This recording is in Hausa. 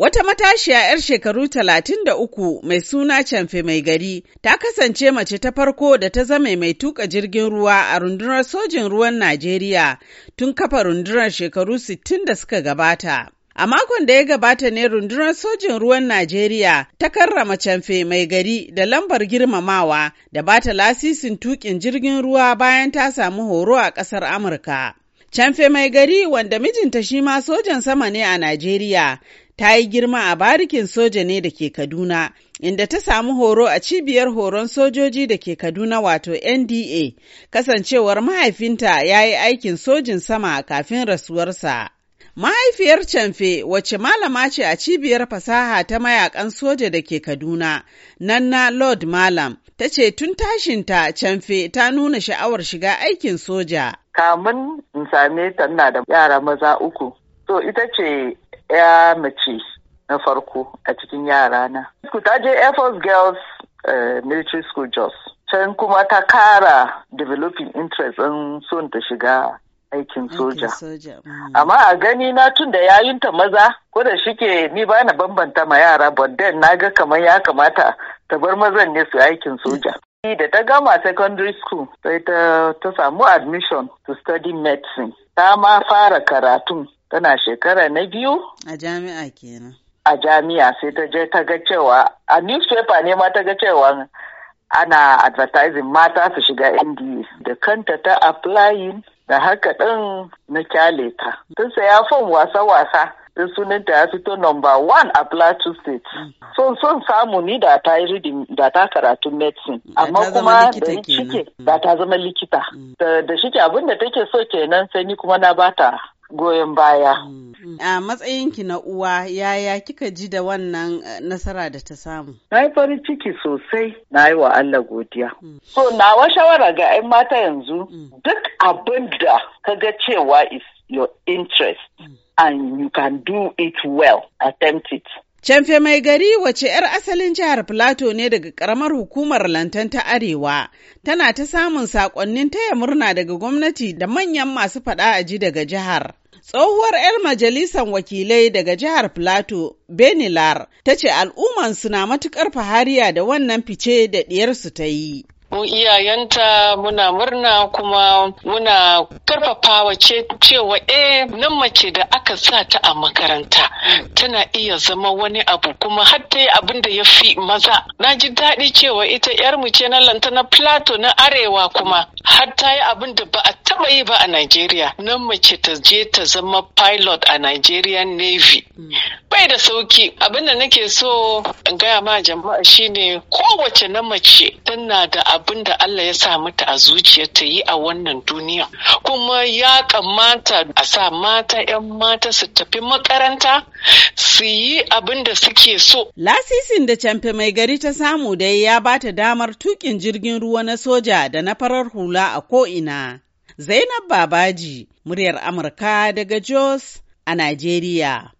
Wata matashiya 'yar shekaru talatin da uku mai suna Canfe mai gari ta kasance mace ta farko da ta zama mai tuka jirgin ruwa a rundunar sojin ruwan Najeriya tun kafa rundunar shekaru sittin da suka gabata. A makon da ya gabata ne rundunar sojin ruwan Najeriya ta karrama canfe mai gari da lambar girmamawa da bata lasisin tukin jirgin ruwa bayan ta samu horo a ƙasar Amurka. Canfe mai gari wanda mijinta shi ma sojan sama ne a Najeriya, ta yi girma a barikin soja ne da ke Kaduna, inda ta samu horo a cibiyar horon sojoji da ke Kaduna wato NDA, kasancewar mahaifinta ya yi aikin sojin sama kafin rasuwarsa. Mahaifiyar Canfe wace malama ce a cibiyar fasaha ta mayakan soja da ke Kaduna, Nanna Lord Malam, ta ce tun tashinta Canfe ta nuna sha'awar shiga aikin soja. Kamun in same ta na da yara maza uku, to ita ce ya mace na farko a cikin yara na. Ta je Air Force Girls eh, Military School Jos. Can kuma ta kara developing interest in son ta shiga aikin soja. Mm. Amma a gani na tun da yayinta maza ko da shike ni ba na bambanta ma yara bodden na ga kamar ya kamata ta bar mazan ne su aikin soja. Da ta gama secondary school sai ta, ta samu admission to study medicine. Ta ma fara karatun tana shekara na biyu. A jami'a kenan. A jami'a sai ta je ta ga cewa a newspaper ne ma ta ga cewa ana advertising mata su shiga NDA da kanta ta applying da haka ɗin na kyale ta sai saya fom wasa-wasa da ta ya fito number one a plateau state son son samu ni da ta yi da ta karatu medicine amma kuma da ni cike da ta zama likita mm. da shike abin da take so kenan sai ni kuma na bata goyon baya. Mm. A matsayinki na uwa yaya kika ji da wannan eh, nasara da ta samu? Na yi farin ciki sosai na yi wa Allah godiya. Mm. So nawa shawara ga 'yan mata yanzu mm. duk abin da ka ga cewa is your interest and you can do it well attempt it. Canfe mai gari wace 'yar asalin jihar Filato ne daga karamar hukumar Lantan ta Arewa, tana ta samun saƙonnin taya murna daga gwamnati da manyan masu faɗa a ji daga jihar. Tsohuwar 'yar majalisar wakilai daga jihar Plateau, Benilar, ta ce al'umman na matukar fahariya da wannan fice da diyarsu ta yi. mu iyayenta muna murna kuma muna karfafawa ce cewa eh nan mace da aka sa ta a makaranta tana iya zama wani abu kuma har ta yi abin da ya fi maza na ji daɗi cewa ita yar mu ce na na plato na arewa kuma har ta yi abin da ba a taba yi ba a Najeriya nan mace ta je ta zama pilot a Nigerian Navy bai da sauki abin da nake so in gaya ma jama'a shine kowace na mace tana da abin da Allah ya sa mata a zuciya ta yi a wannan duniya kuma ya kamata a sa mata 'yan mata su tafi makaranta su yi abin da suke so. Lasisin da camfe mai gari ta samu dai ya ba ta damar tukin jirgin ruwa na soja da na farar hula a ko'ina. Zainab Babaji, muryar Amurka daga Jos a Najeriya.